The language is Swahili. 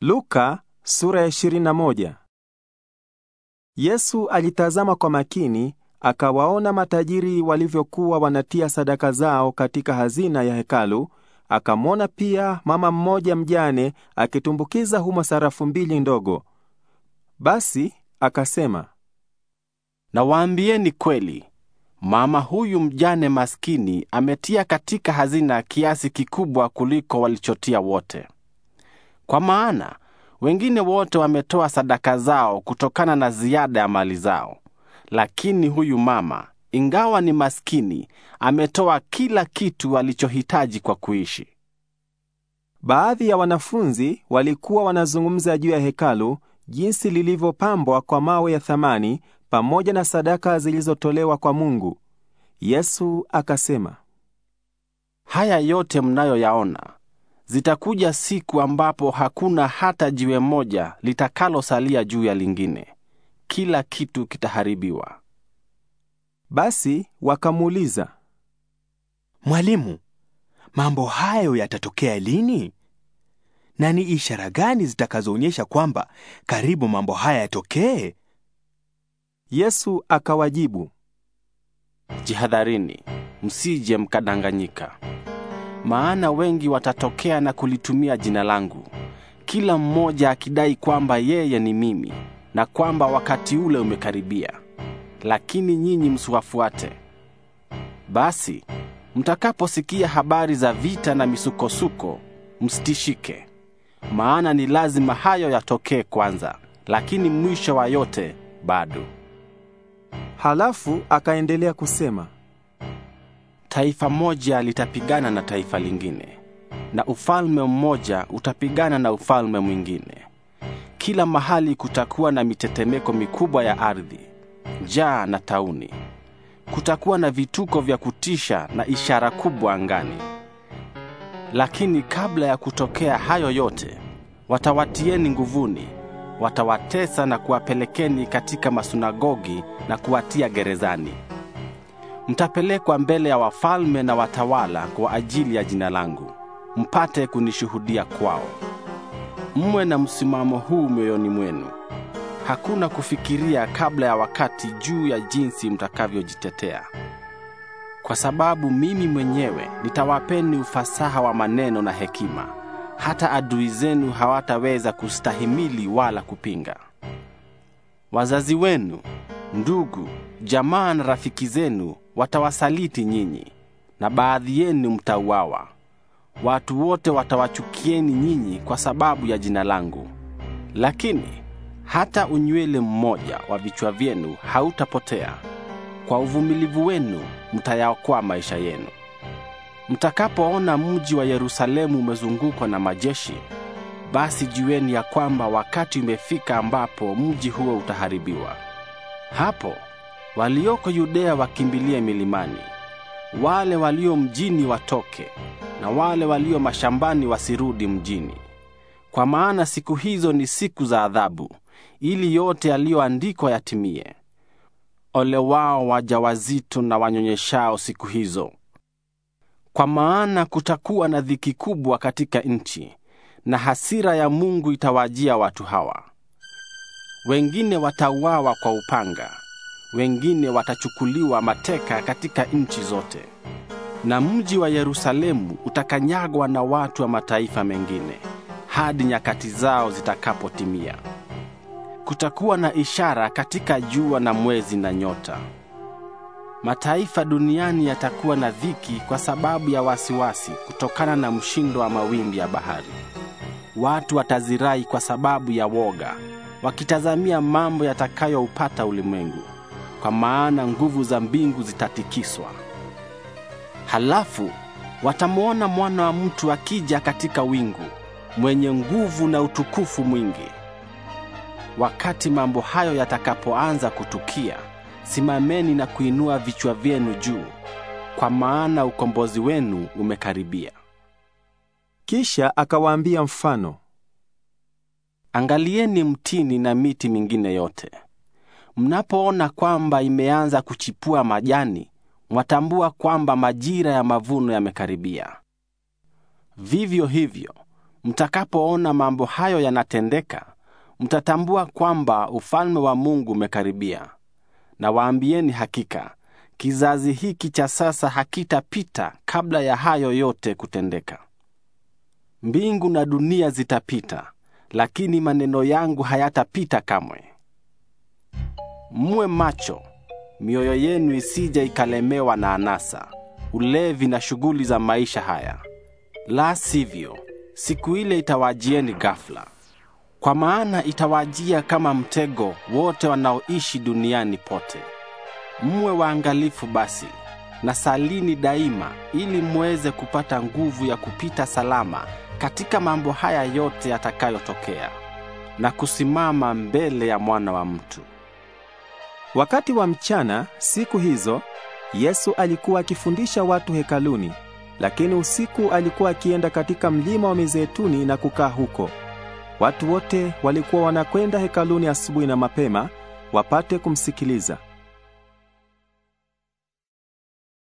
Luka sura ya 21. Yesu alitazama kwa makini, akawaona matajiri walivyokuwa wanatia sadaka zao katika hazina ya hekalu, akamwona pia mama mmoja mjane akitumbukiza humo sarafu mbili ndogo. Basi akasema, nawaambieni kweli, mama huyu mjane maskini ametia katika hazina kiasi kikubwa kuliko walichotia wote. Kwa maana wengine wote wametoa sadaka zao kutokana na ziada ya mali zao, lakini huyu mama, ingawa ni maskini, ametoa kila kitu alichohitaji kwa kuishi. Baadhi ya wanafunzi walikuwa wanazungumza juu ya hekalu, jinsi lilivyopambwa kwa mawe ya thamani pamoja na sadaka zilizotolewa kwa Mungu. Yesu akasema, Haya yote mnayoyaona Zitakuja siku ambapo hakuna hata jiwe moja litakalosalia juu ya lingine. Kila kitu kitaharibiwa. Basi wakamuuliza, Mwalimu, mambo hayo yatatokea lini? Na ni ishara gani zitakazoonyesha kwamba karibu mambo haya yatokee? Yesu akawajibu, Jihadharini, msije mkadanganyika maana wengi watatokea na kulitumia jina langu, kila mmoja akidai kwamba yeye ni mimi na kwamba wakati ule umekaribia. Lakini nyinyi msiwafuate. Basi mtakaposikia habari za vita na misukosuko, msitishike, maana ni lazima hayo yatokee kwanza, lakini mwisho wa yote bado. Halafu akaendelea kusema taifa moja litapigana na taifa lingine, na ufalme mmoja utapigana na ufalme mwingine. Kila mahali kutakuwa na mitetemeko mikubwa ya ardhi, njaa na tauni. Kutakuwa na vituko vya kutisha na ishara kubwa angani. Lakini kabla ya kutokea hayo yote, watawatieni nguvuni, watawatesa na kuwapelekeni katika masunagogi na kuwatia gerezani mtapelekwa mbele ya wafalme na watawala kwa ajili ya jina langu, mpate kunishuhudia kwao. Mwe na msimamo huu mioyoni mwenu, hakuna kufikiria kabla ya wakati juu ya jinsi mtakavyojitetea, kwa sababu mimi mwenyewe nitawapeni ufasaha wa maneno na hekima, hata adui zenu hawataweza kustahimili wala kupinga. Wazazi wenu Ndugu, jamaa na rafiki zenu watawasaliti nyinyi, na baadhi yenu mtauawa. Watu wote watawachukieni nyinyi kwa sababu ya jina langu, lakini hata unywele mmoja wa vichwa vyenu hautapotea. Kwa uvumilivu wenu mtayaokoa maisha yenu. Mtakapoona mji wa Yerusalemu umezungukwa na majeshi, basi jueni ya kwamba wakati umefika ambapo mji huo utaharibiwa. Hapo walioko Yudea wakimbilie milimani, wale walio mjini watoke, na wale walio mashambani wasirudi mjini. Kwa maana siku hizo ni siku za adhabu, ili yote yaliyoandikwa yatimie. Ole wao wajawazito na wanyonyeshao siku hizo, kwa maana kutakuwa na dhiki kubwa katika nchi, na hasira ya Mungu itawajia watu hawa wengine watauawa kwa upanga, wengine watachukuliwa mateka katika nchi zote, na mji wa Yerusalemu utakanyagwa na watu wa mataifa mengine hadi nyakati zao zitakapotimia. Kutakuwa na ishara katika jua na mwezi na nyota. Mataifa duniani yatakuwa na dhiki kwa sababu ya wasiwasi kutokana na mshindo wa mawimbi ya bahari. Watu watazirai kwa sababu ya woga wakitazamia mambo yatakayoupata ulimwengu, kwa maana nguvu za mbingu zitatikiswa. Halafu watamwona mwana wa mtu akija katika wingu, mwenye nguvu na utukufu mwingi. Wakati mambo hayo yatakapoanza kutukia, simameni na kuinua vichwa vyenu juu, kwa maana ukombozi wenu umekaribia. Kisha akawaambia mfano Angalieni mtini na miti mingine yote. Mnapoona kwamba imeanza kuchipua majani, mwatambua kwamba majira ya mavuno yamekaribia. Vivyo hivyo, mtakapoona mambo hayo yanatendeka, mtatambua kwamba ufalme wa Mungu umekaribia. Na waambieni hakika, kizazi hiki cha sasa hakitapita kabla ya hayo yote kutendeka. Mbingu na dunia zitapita lakini maneno yangu hayatapita kamwe. Mwe macho, mioyo yenu isije ikalemewa na anasa, ulevi na shughuli za maisha haya, la sivyo siku ile itawajieni ghafla, kwa maana itawajia kama mtego wote wanaoishi duniani pote. Mwe waangalifu basi na salini daima, ili mweze kupata nguvu ya kupita salama katika mambo haya yote yatakayotokea na kusimama mbele ya mwana wa mtu. Wakati wa mchana siku hizo Yesu alikuwa akifundisha watu hekaluni, lakini usiku alikuwa akienda katika mlima wa Mizeituni na kukaa huko. Watu wote walikuwa wanakwenda hekaluni asubuhi na mapema wapate kumsikiliza.